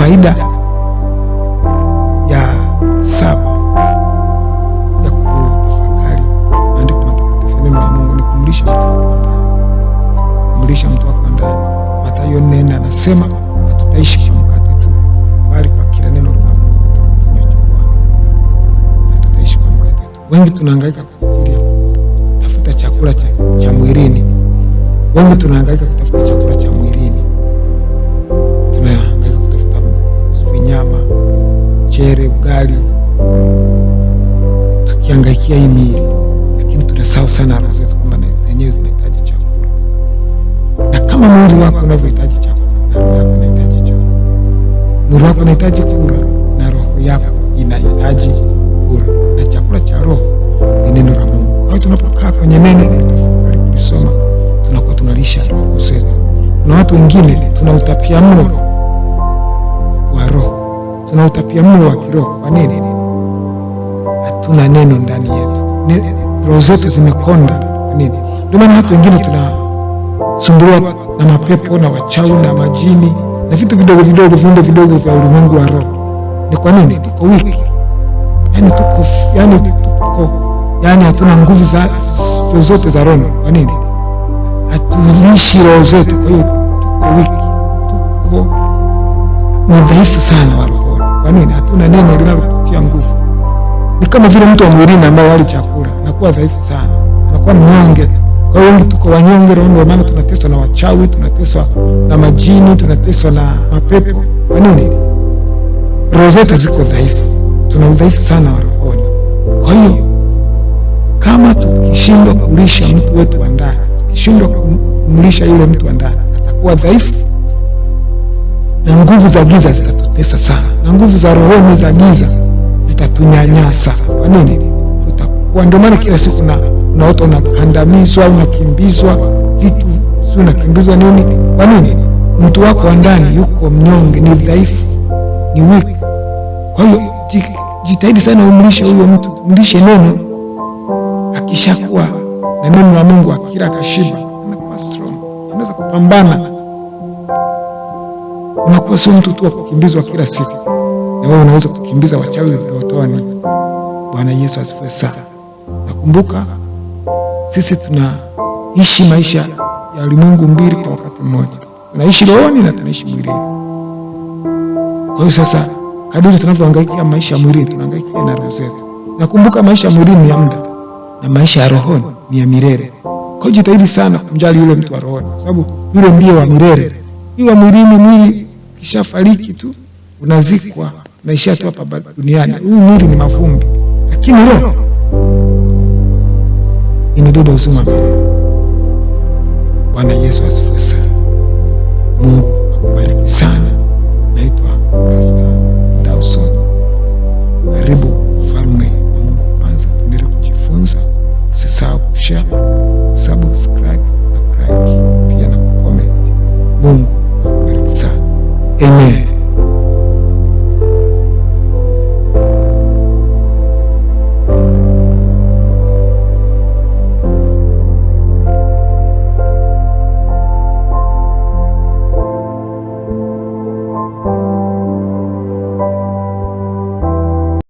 faida ya saba ya kutafakari maandiko matakatifu neno la Mungu ni kumlisha mtu wako wa ndani, kumlisha mtu wako ndani. Mathayo nne nne anasema hatutaishi kwa mkate tu, bali kwa kila neno linalotoka Hatutaishi kwa mkate tu. Wengi tunahangaika kwa ajili ya kutafuta chakula cha, cha mwilini. Wengi tunahangaika kutafuta chakula cha tafadhali tukiangaikia hii miili, lakini tunasahau sana roho zetu kwamba zenyewe zinahitaji chakula, na kama mwili wako unavyohitaji chakula na roho yako inahitaji chakula. Mwili wako unahitaji kura na roho yako inahitaji kura, na chakula cha roho ni neno la Mungu. Kwa hiyo tunapokaa kwenye neno kulisoma, tunakuwa tunalisha roho zetu, na watu wengine tunautapiamlo tuna utapia mlo wa kiroho. Kwa nini? Hatuna neno ndani yetu, roho zetu zimekonda. Kwa nini? Ndio maana hata wengine tunasumbuliwa na mapepo na wachawi na majini na vitu vidogo vidogo, viumbe vidogo vya ulimwengu wa roho. Ni kwa nini? Yaani tuko wiki, yani tuko, yani tuko, yani hatuna nguvu za zote za roho. Kwa nini? Hatulishi roho zetu, kwa hiyo tuko wiki, tuko ni dhaifu sana wa roho. Kwa nini? Hatuna neno linalotia nguvu. Ni kama vile mtu wa mwilini ambaye hali chakula anakuwa dhaifu sana, anakuwa mnyonge. Kwa hiyo wengi tuko wanyonge leo, ndio maana tunateswa na wachawi, tunateswa na majini, tunateswa na mapepo. Kwa nini? Roho zetu ziko dhaifu, tuna udhaifu sana wa rohoni. Kwa hiyo kama tukishindwa kulisha mtu wetu wa ndani, tukishindwa kumlisha yule mtu wa ndani, atakuwa dhaifu na nguvu za giza zitatutesa sana, na nguvu za rohoni za giza zitatunyanyasa. Kwa nini? Tutakuwa ndio maana kila siku unaota unakandamizwa, unakimbizwa vitu, si unakimbizwa nini? Kwa nini? Mtu wako wa ndani yuko mnyonge, ni dhaifu, ni weak. Kwa hiyo jitahidi sana umlishe huyo mtu, umlishe neno. Akishakuwa na neno la Mungu, akila akashiba, anakuwa strong, anaweza kupambana unakuwa sio mtu tu wa kukimbizwa kila siku, na wewe unaweza kukimbiza wachawi uliotoni. Bwana Yesu asifiwe sana. Nakumbuka sisi tunaishi maisha ya ulimwengu mbili kwa wakati mmoja, tunaishi rohoni na tunaishi mwilini. Kwa hiyo sasa, kadiri tunavyohangaikia maisha ya mwilini, tunahangaikia na roho zetu. Nakumbuka maisha ya mwilini ni ya muda na maisha ya rohoni ni ya milele. Kwa hiyo jitahidi sana kumjali yule mtu wa rohoni, kwa sababu yule ndiye wa milele iwa mwilini, mwili kishafariki tu unazikwa, unaishia hapa duniani. Huu mwili ni mavumbi, lakini roho inabeba uzima milele. Bwana Yesu asifiwe sana. Mungu akubariki sana. Naitwa Pasta Dawson. Karibu ufalme wa Mungu. Kwanza tuendelee kujifunza, usisahau kushare, subscribe answer. Amen.